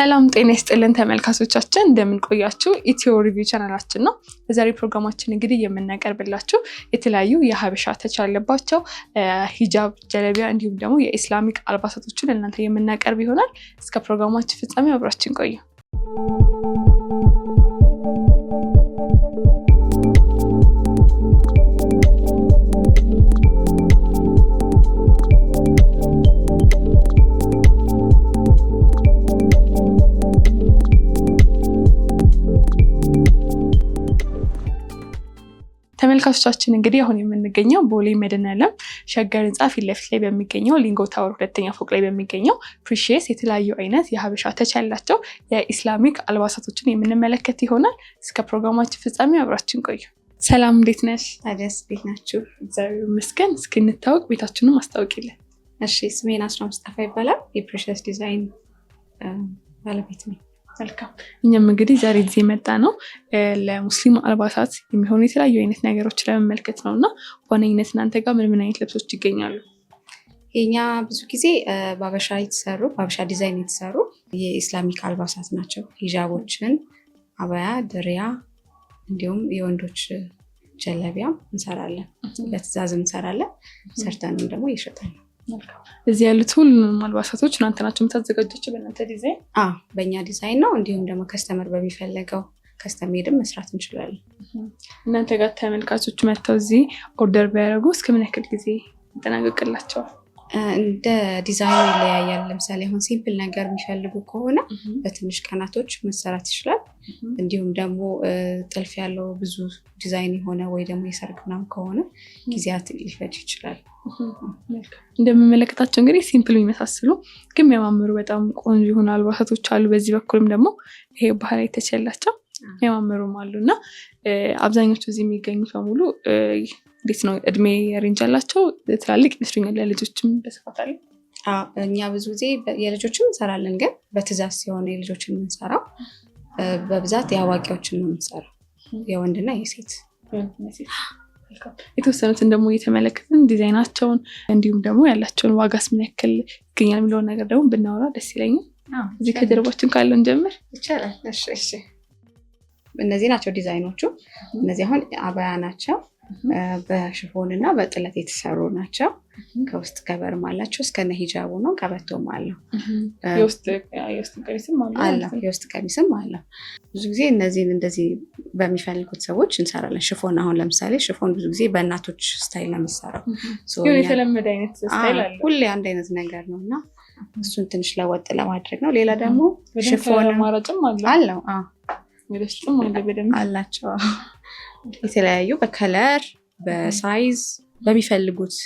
ሰላም ጤና ይስጥልን ተመልካቾቻችን፣ እንደምን ኢትዮ ሪቪው ቻናላችን ነው። በዛሬ ፕሮግራማችን እንግዲህ የምናቀርብላችሁ የተለያዩ የሀበሻ ተች ያለባቸው ሂጃብ፣ ጀለቢያ እንዲሁም ደግሞ የኢስላሚክ አልባሳቶችን እናንተ የምናቀርብ ይሆናል። እስከ ፕሮግራማችን ፍጻሜ አብራችን ቆዩ። ተመልካቾቻችን እንግዲህ አሁን የምንገኘው ቦሌ መድኃኔዓለም ሸገር ህንፃ ፊት ለፊት ላይ በሚገኘው ሊንጎ ታወር ሁለተኛ ፎቅ ላይ በሚገኘው ፕሪሽስ የተለያዩ አይነት የሀበሻ ተች ያላቸው የኢስላሚክ አልባሳቶችን የምንመለከት ይሆናል። እስከ ፕሮግራማችን ፍጻሜ አብራችን ቆዩ። ሰላም፣ እንዴት ነሽ? አደስ፣ ቤት ናችሁ? እግዚአብሔር ይመስገን። እስኪ እንታወቅ፣ ቤታችንም አስታውቂልን። እሺ፣ ስሜን አስራ ሙስጠፋ ይባላል። የፕሪሽስ ዲዛይን ባለቤት ነው። መልካም እኛም እንግዲህ ዛሬ ጊዜ የመጣ ነው ለሙስሊም አልባሳት የሚሆኑ የተለያዩ አይነት ነገሮች ለመመልከት ነው እና በዋነኝነት እናንተ ጋር ምን ምን አይነት ልብሶች ይገኛሉ? የኛ ብዙ ጊዜ በአበሻ የተሰሩ በአበሻ ዲዛይን የተሰሩ የኢስላሚክ አልባሳት ናቸው። ሂጃቦችን፣ አበያ፣ ድሪያ እንዲሁም የወንዶች ጀለቢያም እንሰራለን። ለትዛዝ እንሰራለን። ሰርተንም ደግሞ ነው እዚህ ያሉት ሁሉንም አልባሳቶች እናንተ ናቸው የምታዘጋጃቸው? በእናንተ ዲዛይን? በእኛ ዲዛይን ነው። እንዲሁም ደግሞ ከስተመር በሚፈለገው ከስተሜድም መስራት እንችላለን። እናንተ ጋር ተመልካቾች መጥተው እዚህ ኦርደር ቢያደርጉ እስከምን ያክል ጊዜ ይጠናቀቅላቸዋል? እንደ ዲዛይኑ ይለያያል። ለምሳሌ አሁን ሲምፕል ነገር የሚፈልጉ ከሆነ በትንሽ ቀናቶች መሰራት ይችላል። እንዲሁም ደግሞ ጥልፍ ያለው ብዙ ዲዛይን የሆነ ወይ ደግሞ የሰርግ ምናምን ከሆነ ጊዜያት ሊፈጅ ይችላል። እንደምመለከታቸው እንግዲህ ሲምፕል የሚመሳስሉ ግን የሚያማምሩ በጣም ቆንጆ የሆኑ አልባሳቶች አሉ። በዚህ በኩልም ደግሞ ይሄ ባህላዊ ተችላቸው የሚያማምሩም አሉ እና አብዛኞቹ እዚህ የሚገኙ በሙሉ እንዴት ነው እድሜ ሬንጅ አላቸው ትላልቅ ይመስሉኛል። ለልጆችም በስፋት አለ። እኛ ብዙ ጊዜ የልጆችን እንሰራለን፣ ግን በትእዛዝ ሲሆነ የልጆችን የምንሰራው በብዛት የአዋቂዎችን ነው የምንሰራው፣ የወንድና የሴት የተወሰኑትን ደግሞ እየተመለከትን ዲዛይናቸውን እንዲሁም ደግሞ ያላቸውን ዋጋስ ምን ያክል ይገኛል የሚለውን ነገር ደግሞ ብናወራ ደስ ይለኛል። እዚህ ከጀርባችን ካለን ጀምር ይቻላል። እነዚህ ናቸው ዲዛይኖቹ። እነዚህ አሁን አባያ ናቸው። በሽፎን እና በጥለት የተሰሩ ናቸው። ከውስጥ ከበርም አላቸው እስከነ ሂጃቡ ነው። ቀበቶም አለው አለው የውስጥ ቀሚስም አለው። ብዙ ጊዜ እነዚህን እንደዚህ በሚፈልጉት ሰዎች እንሰራለን። ሽፎን አሁን ለምሳሌ ሽፎን ብዙ ጊዜ በእናቶች ስታይል ነው የሚሰራው። የተለመደ አይነት ስታይል አለ። ሁሌ አንድ አይነት ነገር ነው እና እሱን ትንሽ ለወጥ ለማድረግ ነው። ሌላ ደግሞ ሽፎን አለው ወደስጥም አለ በደንብ አላቸው የተለያዩ በከለር በሳይዝ በሚፈልጉት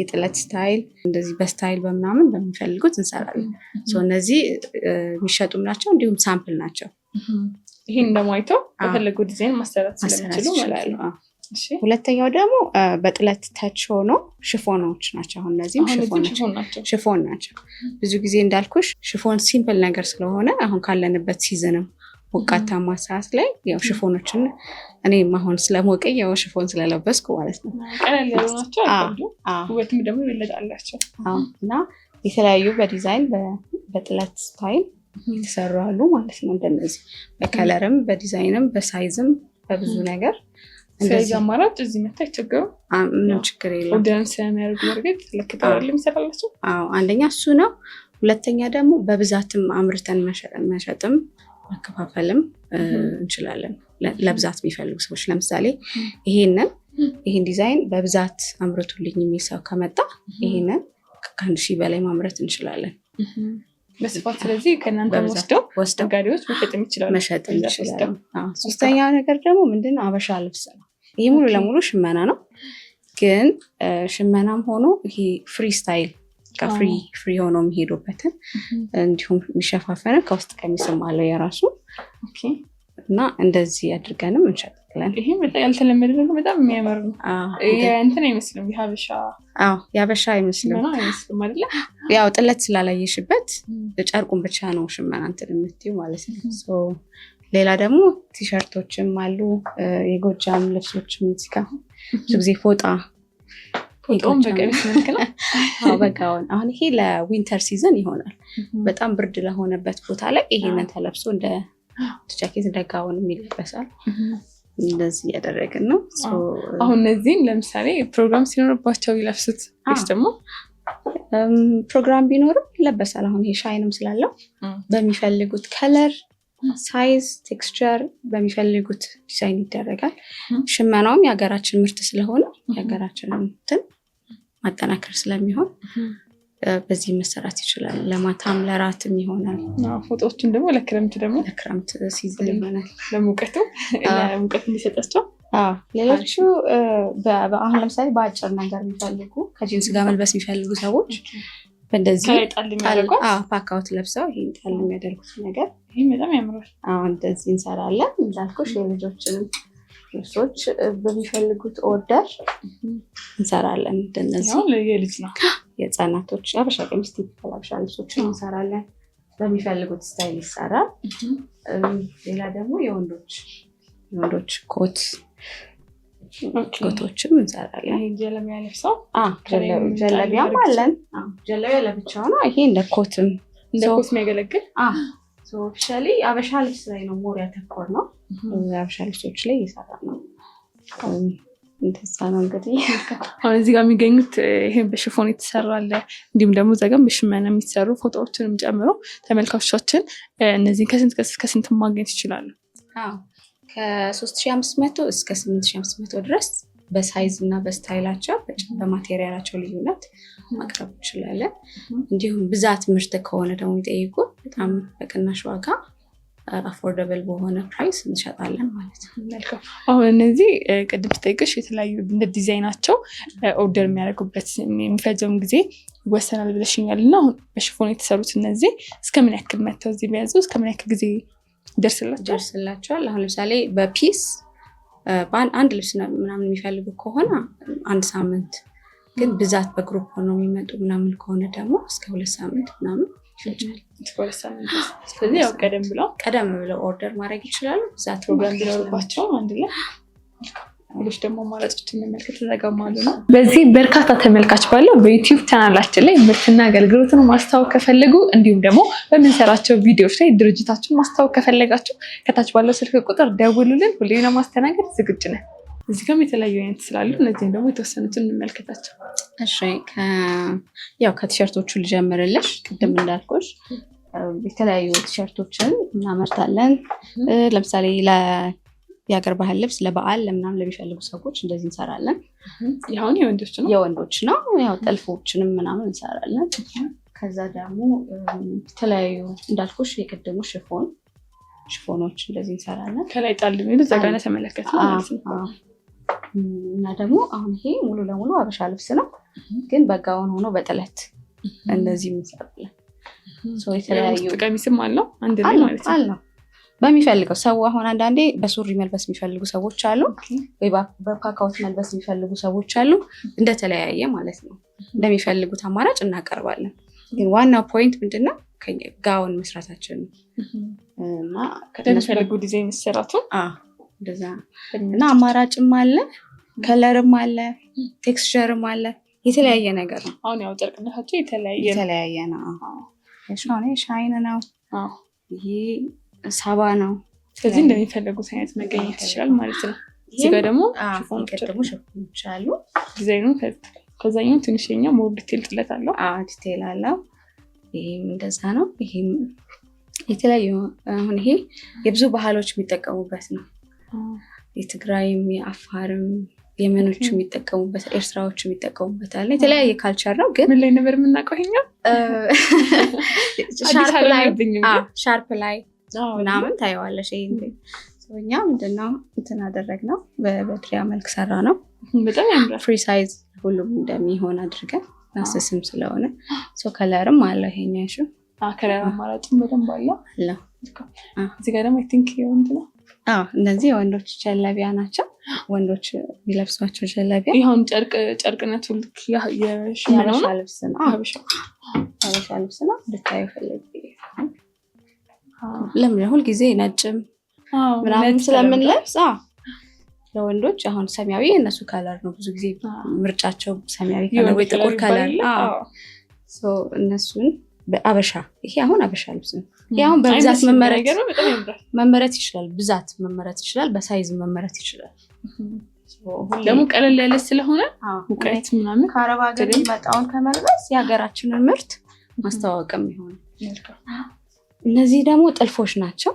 የጥለት ስታይል እንደዚህ በስታይል በምናምን በሚፈልጉት እንሰራለን። እነዚህ የሚሸጡም ናቸው፣ እንዲሁም ሳምፕል ናቸው። ይህን ደግሞ አይተው በፈለጉ ዲዛይን ማሰራት ስለሚችሉ ይላሉ። ሁለተኛው ደግሞ በጥለት ተች ሆኖ ሽፎኖች ናቸው። አሁን እነዚህም ሽፎን ናቸው። ብዙ ጊዜ እንዳልኩሽ ሽፎን ሲምፕል ነገር ስለሆነ አሁን ካለንበት ሲዝንም ሞቃታማ ሰዓት ላይ ያው ሽፎኖችን እኔ አሁን ስለሞቀ ያው ሽፎን ስለለበስኩ ማለት ነው። ውበትም ደግሞ ይበለጣላቸው እና የተለያዩ በዲዛይን በጥለት ስታይል የተሰሩ አሉ ማለት ነው። እንደነዚህ በከለርም በዲዛይንም በሳይዝም በብዙ ነገር ስለዚህ አማራጭ እዚህ መታ ይቸገሩ ምንም ችግር የለም። ወደን ስለሚያደርጉ መርገጥ ለክታል የሚሰራላቸው አንደኛ እሱ ነው። ሁለተኛ ደግሞ በብዛትም አምርተን መሸጥም ማከፋፈልም እንችላለን ለብዛት የሚፈልጉ ሰዎች። ለምሳሌ ይሄንን ይህን ዲዛይን በብዛት አምርቱልኝ የሚል ሰው ከመጣ ይሄንን ከአንድ ሺህ በላይ ማምረት እንችላለን በስፋት። ስለዚህ ከእናንተ ወስደው ነጋዴዎች መሸጥ ይችላሉ መሸጥ ይችላሉ። ሶስተኛ ነገር ደግሞ ምንድነው አበሻ ልብስ ነው። ይህ ሙሉ ለሙሉ ሽመና ነው፣ ግን ሽመናም ሆኖ ይሄ ፍሪ ስታይል ፍሪ ፍሪ ሆኖ የሚሄዱበትን እንዲሁም የሚሸፋፈንም ከውስጥ ቀሚስም አለው የራሱ እና እንደዚህ አድርገንም እንሸጥለን። ያልተለመደ ነገር በጣም የሚያምር ነው። እንትን አይመስልም የሀበሻ የሀበሻ አይመስልም ያው ጥለት ስላላየሽበት ጨርቁን ብቻ ነው ሽመና እንትን የምትይው ማለት ነው። ሌላ ደግሞ ቲሸርቶችም አሉ የጎጃም ልብሶችም እዚህ ብዙ ጊዜ ፎጣ ፎጣውም በቀሚስ በጋውን አሁን ይሄ ለዊንተር ሲዝን ይሆናል። በጣም ብርድ ለሆነበት ቦታ ላይ ይሄንን ተለብሶ እንደ ጃኬት እንደ ጋውን የሚለበሳል። እንደዚህ እያደረግን ነው። አሁን እነዚህን ለምሳሌ ፕሮግራም ሲኖርባቸው ይለብሱት ስ ደግሞ ፕሮግራም ቢኖርም ይለበሳል። አሁን ይሄ ሻይንም ስላለው በሚፈልጉት ከለር፣ ሳይዝ፣ ቴክስቸር በሚፈልጉት ዲዛይን ይደረጋል። ሽመናውም የሀገራችን ምርት ስለሆነ የሀገራችን እንትን ማጠናከር ስለሚሆን በዚህ መሰራት ይችላል። ለማታም ለራትም ይሆናል። ፎጣዎችን ደግሞ ለክረምት ደግሞ ለክረምት ሲዝን ይሆናል። ለሙቀቱ ለሙቀት እንዲሰጣቸው ሌሎቹ በአሁን ለምሳሌ በአጭር ነገር የሚፈልጉ ከጂንስ ጋር መልበስ የሚፈልጉ ሰዎች በእንደዚህ ፓካውት ለብሰው ይህን ጣል የሚያደርጉት ነገር ይህም በጣም ያምራል። እንደዚህ እንሰራለን እንዳልኩሽ የልጆችንም ልብሶች በሚፈልጉት ኦርደር እንሰራለን። እንደነዚህ የልጅ ነው የህፃናቶች አበሻ ቀሚስ፣ ቲፒካል አበሻ ልብሶችን እንሰራለን። በሚፈልጉት ስታይል ይሰራል። ሌላ ደግሞ የወንዶች የወንዶች ኮት ኮቶችም እንሰራለን። ጀለቢያ ለብሰው ጀለቢያም አለን። ጀለቢያ ለብቻው ነው። ይሄ እንደ ኮትም እንደ ኮት የሚያገለግል ኦፊሻሊ አበሻ ልብስ ላይ ነው ሞር ያተኮር ነው ሀበሻ ልብሶች ላይ ይሰራል። እንደዛ ነው እንግዲህ። አሁን እዚህ ጋር የሚገኙት ይህም በሽፎን የተሰራለ እንዲሁም ደግሞ ዘገም በሽመና የሚሰሩ ፎጣዎችንም ጨምሮ ተመልካቾቻችን እነዚህን ከስንት ከስንት ማግኘት ይችላሉ? ከሶስት ሺ አምስት መቶ እስከ ስምንት ሺ አምስት መቶ ድረስ በሳይዝ እና በስታይላቸው በማቴሪያላቸው ልዩነት ማቅረብ እንችላለን። እንዲሁም ብዛት ምርት ከሆነ ደግሞ ይጠይቁ በጣም በቅናሽ ዋጋ አፎርደብል በሆነ ፕራይስ እንሸጣለን ማለት ነው። አሁን እነዚህ ቅድም ስጠይቅሽ የተለያዩ እንደ ዲዛይናቸው ኦርደር የሚያደርጉበት የሚፈጀውን ጊዜ ይወሰናል ብለሽኛል እና አሁን በሽፎን የተሰሩት እነዚህ እስከምን ያክል መጥተው እዚህ ቢያዙ እስከምን ያክል ጊዜ ይደርስላቸዋል? አሁን ለምሳሌ በፒስ አንድ ልብስ ምናምን የሚፈልጉ ከሆነ አንድ ሳምንት፣ ግን ብዛት በግሩፕ ሆነው የሚመጡ ምናምን ከሆነ ደግሞ እስከ ሁለት ሳምንት ምናምን ስለዚህ ያው ቀደም ብለው ቀደም ብለው ኦርደር ማድረግ ይችላሉ። እዛ ፕሮግራም ቢኖርባቸው አንድ ላይ ሌሎች ደግሞ ነው። በዚህ በርካታ ተመልካች ባለው በዩቲዩብ ቻናላችን ላይ ምርትና አገልግሎትን ማስታወቅ ከፈለጉ እንዲሁም ደግሞ በምንሰራቸው ቪዲዮዎች ላይ ድርጅታችን ማስታወቅ ከፈለጋችሁ ከታች ባለው ስልክ ቁጥር ደውሉልን። ሁሌ ለማስተናገድ ዝግጁ ነን። እዚህ ጋም የተለያዩ አይነት ስላሉ እነዚህም ደግሞ የተወሰኑትን እንመልከታቸው። እሺ ያው ከቲሸርቶቹ ልጀምርልሽ። ቅድም እንዳልኩሽ የተለያዩ ቲሸርቶችን እናመርታለን። ለምሳሌ የሀገር ባህል ልብስ ለበዓል ለምናምን ለሚፈልጉ ሰዎች እንደዚህ እንሰራለን። ሁን የወንዶች ነው የወንዶች ነው። ያው ጥልፎችንም ምናምን እንሰራለን። ከዛ ደግሞ የተለያዩ እንዳልኩሽ የቅድሙ ሽፎን ሽፎኖች እንደዚህ እንሰራለን። ከላይ ጣል የሚሉ ዘጋነ ተመለከት ነው እና ደግሞ አሁን ይሄ ሙሉ ለሙሉ አበሻ ልብስ ነው፣ ግን በጋውን ሆኖ በጥለት እንደዚህ እንሰራለን። የተለያዩ ቀሚስም አለው አንድ ላይ ማለት ነው። በሚፈልገው ሰው አሁን አንዳንዴ በሱሪ መልበስ የሚፈልጉ ሰዎች አሉ፣ ወይ በፓካውት መልበስ የሚፈልጉ ሰዎች አሉ። እንደተለያየ ማለት ነው። እንደሚፈልጉት አማራጭ እናቀርባለን። ግን ዋናው ፖይንት ምንድነው? ጋውን መስራታችን ነው ከነሱ ዲዛይን መሰራቱን እንደዛ እና አማራጭም አለ፣ ከለርም አለ፣ ቴክስቸርም አለ፣ የተለያየ ነገር ነው። አሁን ያው ጨርቅነታቸው የተለያየ ነው። ሻይን ነው፣ ይሄ ሰባ ነው። ስለዚህ እንደሚፈለጉት አይነት መገኘት ይችላል ማለት ነው። እዚጋ ደግሞ ሽፎኖች አሉ። ዲዛይኑ ከዛኛው ትንሽኛው ሞር ዲቴል ጥለት አለው፣ ዲቴል አለው። ይህም እንደዛ ነው። ይህም የተለያዩ አሁን ይሄ የብዙ ባህሎች የሚጠቀሙበት ነው። የትግራይም የአፋርም የመኖች የሚጠቀሙበት ኤርትራዎች የሚጠቀሙበት አለ። የተለያየ ካልቸር ነው። ግን ምን ላይ ነበር የምናውቀው? ሻርፕ ላይ ምናምን ታየዋለሽ። እኛ ምንድነው እንትን አደረግ ነው በትሪያ መልክ ሰራ ነው። ፍሪ ሳይዝ ሁሉም እንደሚሆን አድርገን ናስስም ስለሆነ ከለርም አለ ይሄኛ ከለር አማራጭም በደንብ አለው። እዚህ ጋር ደግሞ ቲንክ የወንድ ነው እነዚህ የወንዶች ጀለቢያ ናቸው። ወንዶች የሚለብሷቸው ጀለቢያ ይሁን ጨርቅ ጨርቅነቱ ልክ የሀበሻ ልብስ ነው። ሀበሻ ልብስ ነው ብታዩ ፈለግ ለምን ሁልጊዜ ነጭም ምናምን ስለምንለብስ ለወንዶች አሁን ሰማያዊ የእነሱ ከለር ነው። ብዙ ጊዜ ምርጫቸው ሰማያዊ ከለር ወይ ጥቁር ከለር እነሱን አበሻ ይሄ አሁን አበሻ ልብስ ነው። አሁን በብዛት መመረት ይችላል፣ ብዛት መመረት ይችላል፣ በሳይዝ መመረት ይችላል። ደግሞ ቀለል ያለ ስለሆነ ሙቀት ምናምን ከአረብ ሀገር የሚመጣውን ከመልበስ የሀገራችንን ምርት ማስተዋወቅም ይሆን። እነዚህ ደግሞ ጥልፎች ናቸው።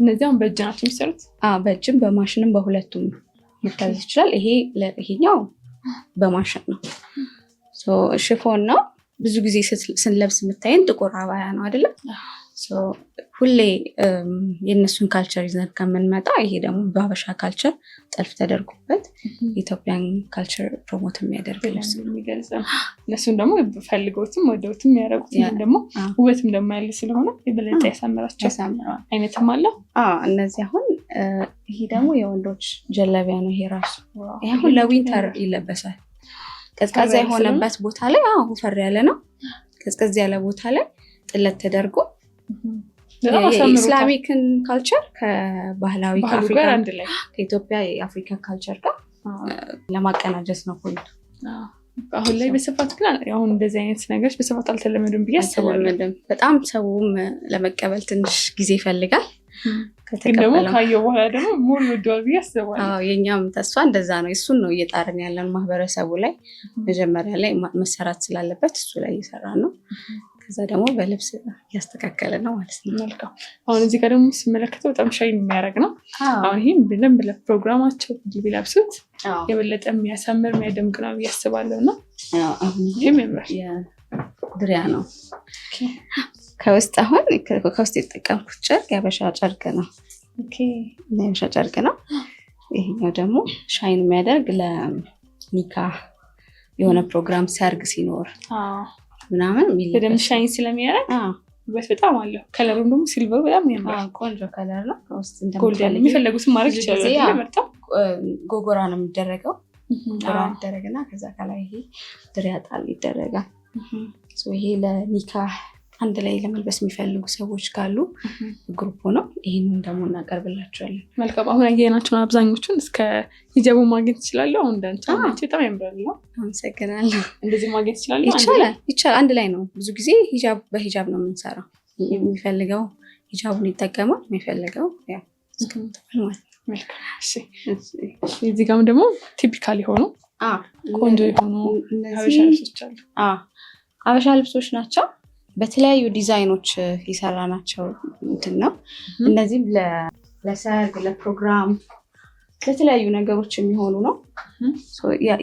እነዚህ በእጅ ናቸው የሚሰሩት። በእጅም በማሽንም በሁለቱም መታዘዝ ይችላል። ይሄ ይሄኛው በማሽን ነው፣ ሽፎን ነው ብዙ ጊዜ ስንለብስ የምታየን ጥቁር አባያ ነው አይደለም? ሁሌ የእነሱን ካልቸር ይዘን ከምንመጣ ይሄ ደግሞ በሀበሻ ካልቸር ጠልፍ ተደርጎበት ኢትዮጵያን ካልቸር ፕሮሞት የሚያደርግ ልብስ የሚገልጽ ነው። እነሱን ደግሞ ፈልገውትም ወደውትም ያደረጉት ደግሞ ውበትም ደግሞ ያለ ስለሆነ የበለጠ ያሳምራቸው ያሳምረዋል። አይነትም አለው። እነዚህ አሁን ይሄ ደግሞ የወንዶች ጀለቢያ ነው። ይሄ ራሱ ይህ አሁን ለዊንተር ይለበሳል። ቀዝቃዛ የሆነበት ቦታ ላይ አሁ ፈር ያለ ነው። ቀዝቀዝ ያለ ቦታ ላይ ጥለት ተደርጎ የኢስላሚክን ካልቸር ከባህላዊ ከኢትዮጵያ የአፍሪካ ካልቸር ጋር ለማቀናጀት ነው ፖይንቱ። አሁን ላይ በስፋት ግን አሁን እንደዚህ አይነት ነገሮች በስፋት አልተለመዱም ብዬ አስባለሁ። በጣም ሰውም ለመቀበል ትንሽ ጊዜ ይፈልጋል። ደግሞ ካየው በኋላ ደግሞ ሙሉ ዶር ያስባል። የእኛም ተስፋ እንደዛ ነው። እሱን ነው እየጣርን ያለን ማህበረሰቡ ላይ መጀመሪያ ላይ መሰራት ስላለበት እሱ ላይ እየሰራ ነው። ከዛ ደግሞ በልብስ እያስተካከለ ነው ማለት ነው። መልካም። አሁን እዚህ ጋር ደግሞ ስመለከተው በጣም ሻይ የሚያደርግ ነው። አሁን ይህም ብለን ብለን ፕሮግራማቸው ለብሱት የበለጠ የሚያሳምር የሚያደምቅ ነው ብዬ አስባለሁ። እና ይህም ያምራል። ድሪያ ነው ከውስጥ አሁን ከውስጥ የተጠቀምኩት ጨርቅ ያበሻ ጨርቅ ነው። ያበሻ ጨርቅ ነው። ይሄኛው ደግሞ ሻይን የሚያደርግ ለኒካ የሆነ ፕሮግራም ሰርግ ሲኖር ምናምን በደምብ ሻይን ስለሚያደርግ ውበት በጣም አለው። ከለሩም ደግሞ ሲልቨሩ በጣም ያምራል። ቆንጆ ከለር ነው። የሚፈለጉትን ማድረግ ይችላል። ጎጎራ ነው የሚደረገው። ጎጎራ ይደረግና ከዛ ከላይ ይሄ ድሪያጣል ይደረጋል። ይሄ ለኒካ አንድ ላይ ለመልበስ የሚፈልጉ ሰዎች ካሉ ግሩፕ ነው። ይህን ደግሞ እናቀርብላቸዋለን። መልካም። አሁን ያየናቸውን አብዛኞቹን እስከ ሂጃቡ ማግኘት ይችላሉ። አሁን እንዳንቺ በጣም ያምራሉ። አመሰግናለሁ። እንደዚህ ማግኘት ይችላሉ። ይቻላል፣ ይቻላል። አንድ ላይ ነው። ብዙ ጊዜ ሂጃብ በሂጃብ ነው የምንሰራው። የሚፈልገው ሂጃቡን ይጠቀማል፣ የሚፈልገው ያው እዚህ ጋም ደግሞ ቲፒካል የሆኑ ቆንጆ የሆኑ ሀበሻ ልብሶች አሉ። ሀበሻ ልብሶች ናቸው። በተለያዩ ዲዛይኖች የሰራ ናቸው እንትን ነው። እነዚህም ለሰርግ፣ ለፕሮግራም፣ ለተለያዩ ነገሮች የሚሆኑ ነው።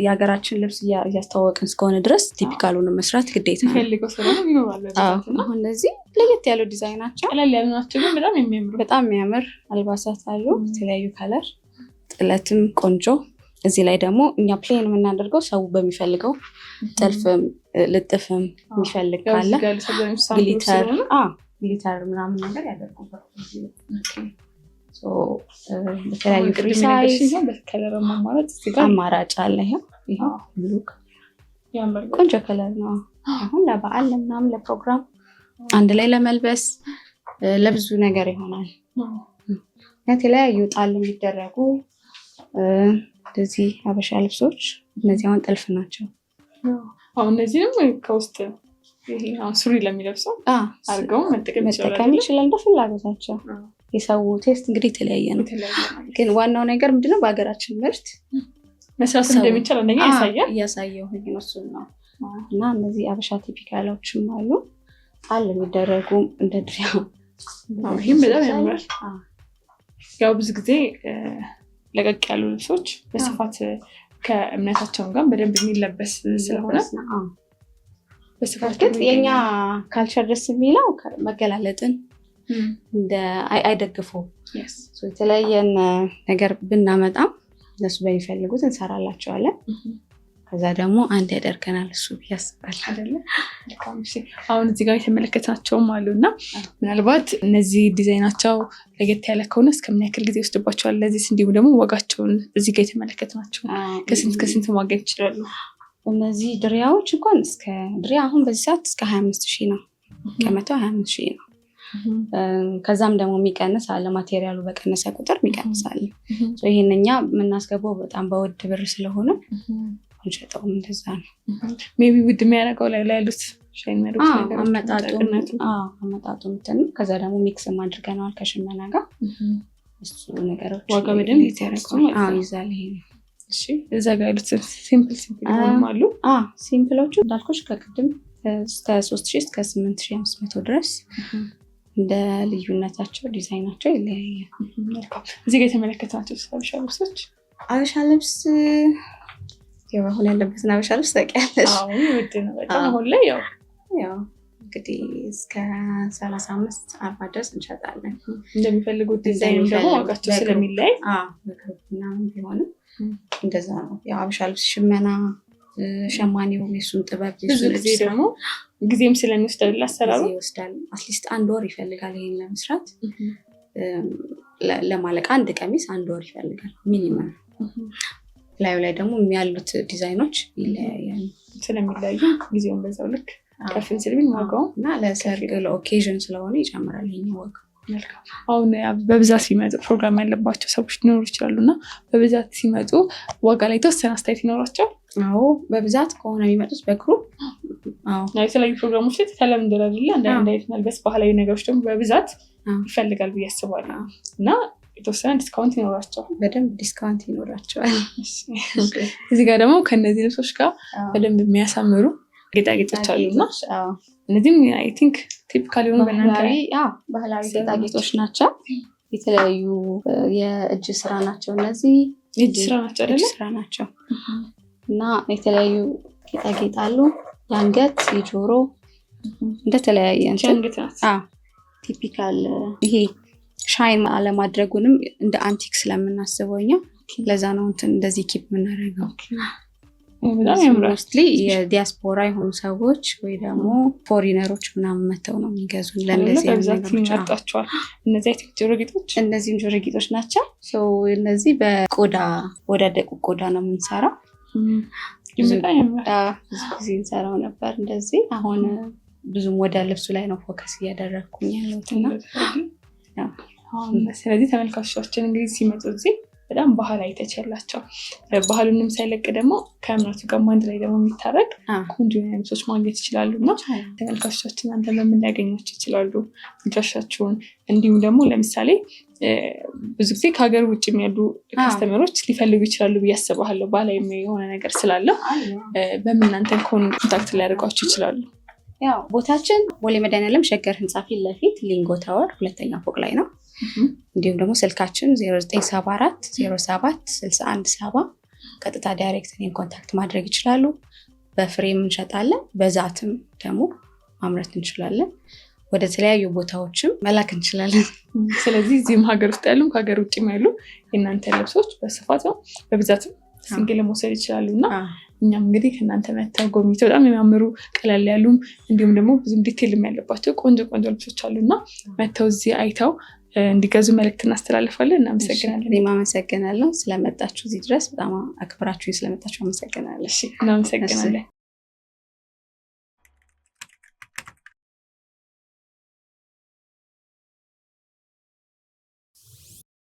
የሀገራችን ልብስ እያስተዋወቅን እስከሆነ ድረስ ቲፒካሉን መስራት ግዴታ ፈልገው እነዚህ ለየት ያለው ዲዛይን ናቸው። ቀለል ያሉ ናቸው ግን በጣም የሚያምሩ በጣም የሚያምር አልባሳት አሉ። የተለያዩ ከለር ጥለትም ቆንጆ እዚህ ላይ ደግሞ እኛ ፕሌን የምናደርገው ሰው በሚፈልገው ጥልፍም ልጥፍም የሚፈልግ ካለ ግሊተር ግሊተር ምናምን ነገር ያደርጉበት በተለያዩ አማራጭ አለ። ቆንጆ ከለር ነው። አሁን ለበዓል ለምናምን ለፕሮግራም አንድ ላይ ለመልበስ ለብዙ ነገር ይሆናል። የተለያዩ ጣል የሚደረጉ እነዚህ ሀበሻ ልብሶች እነዚህ አሁን ጥልፍ ናቸው። እነዚህም ከውስጥ ሱሪ ለሚለብሰው አድርገው መጠቀም ይችላል። በፍላጎታቸው የሰው ቴስት እንግዲህ የተለያየ ነው። ግን ዋናው ነገር ምንድነው በሀገራችን ምርት መስራት እንደሚቻል አንደኛ ያሳያል። እያሳየው ነሱ ነው እና እነዚህ ሀበሻ ቲፒካሎችም አሉ ጣል የሚደረጉ እንደ ድሪያ ይህም በጣም ያምራል። ያው ብዙ ጊዜ ለቀቅ ያሉ ልብሶች በስፋት ከእምነታቸውን ጋር በደንብ የሚለበስ ስለሆነ በስፋት የኛ ካልቸር ደስ የሚለው መገላለጥን አይደግፈውም። የተለያየን ነገር ብናመጣም እነሱ በሚፈልጉት እንሰራላቸዋለን። ከዛ ደግሞ አንድ ያደርገናል እሱ ብዬ አሁን እዚህ ጋር የተመለከታቸውም አሉ እና ምናልባት እነዚህ ዲዛይናቸው ለየት ያለ ከሆነ እስከምን ያክል ጊዜ ይወስድባቸዋል? ለዚህ እንዲሁም ደግሞ ዋጋቸውን እዚህ ጋር የተመለከትናቸው ከስንት ከስንት ማገኝ ይችላሉ? እነዚህ ድሪያዎች እንኳን እስከ ድሪያ አሁን በዚህ ሰዓት እስከ ሀያ አምስት ሺህ ነው ከመቶ ሀያ አምስት ሺህ ነው። ከዛም ደግሞ የሚቀንስ አለ። ማቴሪያሉ በቀነሰ ቁጥር የሚቀንስ አለ። ይህንኛ እኛ የምናስገባው በጣም በውድ ብር ስለሆነ ሸጠውም እንደዛ ነው። ሜይ ቢ ውድ የሚያደርገው ላይ ያሉት አመጣጡ ምትን ከዛ ደግሞ ሚክስ አድርገነዋል ከሽመና ጋር እሱ ነገሮች ዋጋ በደንብ ይዛል። እዛ ጋ ያሉት ሲምፕል ሲምፕል አሉ። ሲምፕሎቹ እንዳልኮች ከቅድም እስከ ሶስት ሺህ እስከ ስምንት ሺህ አምስት መቶ ድረስ እንደ ልዩነታቸው ዲዛይናቸው ይለያያል። እዚህ ጋ የተመለከታቸው አበሻ ልብሶች አበሻ ልብስ ያው አሁን ያለበትን ሀበሻ ልብስ ታውቂያለሽ። ውድ ነው በጣም አሁን ላይ ያው ያው እንግዲህ እስከ ሰላሳ አምስት አርባ ድረስ እንሸጣለን። እንደሚፈልጉት ዲዛይን ደግሞ ዋጋቸው ስለሚለይ ምግብና ቢሆንም እንደዛ ነው። ያው ሀበሻ ልብስ ሽመና ሸማኔው የሱን ጥበብ ብዙ ጊዜ ደግሞ ጊዜም ስለሚወስዳል አሰራሩ ይወስዳል። አትሊስት አንድ ወር ይፈልጋል ይሄን ለመስራት ለማለቅ አንድ ቀሚስ አንድ ወር ይፈልጋል ሚኒመም ላዩ ላይ ደግሞ የሚያሉት ዲዛይኖች ይለያያሉ። ስለሚለያዩ ጊዜውን በዛው ልክ ቀፍን ስልሚን ዋጋው እና ለሰርግ ለኦኬዥን ስለሆነ ይጨምራል ይሄኛው ዋጋ። አሁን በብዛት ሲመጡ ፕሮግራም ያለባቸው ሰዎች ሊኖሩ ይችላሉ እና በብዛት ሲመጡ ዋጋ ላይ የተወሰነ አስተያየት ይኖራቸዋል። አዎ በብዛት ከሆነ የሚመጡት በግሩፕ የተለያዩ ፕሮግራሞች ላይ ተለምደላል። አንዳንድ አይነት መልበስ ባህላዊ ነገሮች ደግሞ በብዛት ይፈልጋል ብዬ አስባለሁ እና የተወሰነ ዲስካውንት ይኖራቸዋል። በደንብ ዲስካውንት ይኖራቸዋል። እዚህ ጋር ደግሞ ከእነዚህ ልብሶች ጋር በደንብ የሚያሳምሩ ጌጣጌጦች አሉ አሉና እነዚህም አይ ቲንክ ቲፒካል የሆኑ ባህላዊ ጌጣጌጦች ናቸው። የተለያዩ የእጅ ስራ ናቸው። እነዚህ የእጅ ስራ ናቸው አይደለ? ስራ ናቸው እና የተለያዩ ጌጣጌጥ አሉ። የአንገት፣ የጆሮ እንደተለያየ ቲፒካል ይሄ ሻይን አለማድረጉንም እንደ አንቲክ ስለምናስበው እኛ ለዛ ነው እንትን እንደዚህ ኪፕ የምናደርገው። ሞስትሊ የዲያስፖራ የሆኑ ሰዎች ወይ ደግሞ ፎሪነሮች ምናምን መተው ነው የሚገዙን። ለእንደዚህ ይመርጣቸዋል። እነዚህ ጆሮ ጌጦች እነዚህም ጆሮ ጌጦች ናቸው። እነዚህ በቆዳ ወዳደቁ ቆዳ ነው የምንሰራው። ብዙ ጊዜ እንሰራው ነበር እንደዚህ። አሁን ብዙም ወደ ልብሱ ላይ ነው ፎከስ እያደረግኩኝ ያለሁትና ስለዚህ ተመልካቾቻችን እንግዲህ ሲመጡ እዚህ በጣም ባህል አይተችላቸው ባህሉንም ሳይለቅ ደግሞ ከእምነቱ ጋር አንድ ላይ ደግሞ የሚታረቅ ቆንጆ አይነቶች ማግኘት ይችላሉ እና ተመልካቾቻችን አንተ በምን ሊያገኛቸው ይችላሉ? አድራሻችሁን እንዲሁም ደግሞ ለምሳሌ ብዙ ጊዜ ከሀገር ውጭ የሚያሉ ከስተመሮች ሊፈልጉ ይችላሉ ብዬ አስባለሁ። ባህላዊ የሆነ ነገር ስላለው በምን ከሆኑ ኮንታክት ሊያደርጓቸው ይችላሉ? ያው ቦታችን ቦሌ መድኃኒዓለም ሸገር ህንፃ ፊት ለፊት ሊንጎ ታወር ሁለተኛ ፎቅ ላይ ነው። እንዲሁም ደግሞ ስልካችን 0974 ቀጥታ ዳይሬክት እኔን ኮንታክት ማድረግ ይችላሉ። በፍሬም እንሸጣለን። በዛትም ደግሞ ማምረት እንችላለን። ወደ ተለያዩ ቦታዎችም መላክ እንችላለን። ስለዚህ እዚህም ሀገር ውስጥ ያሉ ከሀገር ውጭም ያሉ የእናንተ ልብሶች በስፋት ነው በብዛትም ሲንግል መውሰድ ይችላሉ እና እኛም እንግዲህ ከእናንተ መተው ጎብኝተው በጣም የሚያምሩ ቀለል ያሉም እንዲሁም ደግሞ ብዙም ዲቴል ያለባቸው ቆንጆ ቆንጆ ልብሶች አሉ እና መተው እዚህ አይተው እንዲገዙ መልእክት እናስተላልፋለን። እናመሰግናለን። እኔም አመሰግናለሁ ስለመጣችሁ እዚህ ድረስ በጣም አክብራችሁ ስለመጣችሁ አመሰግናለን። እናመሰግናለን።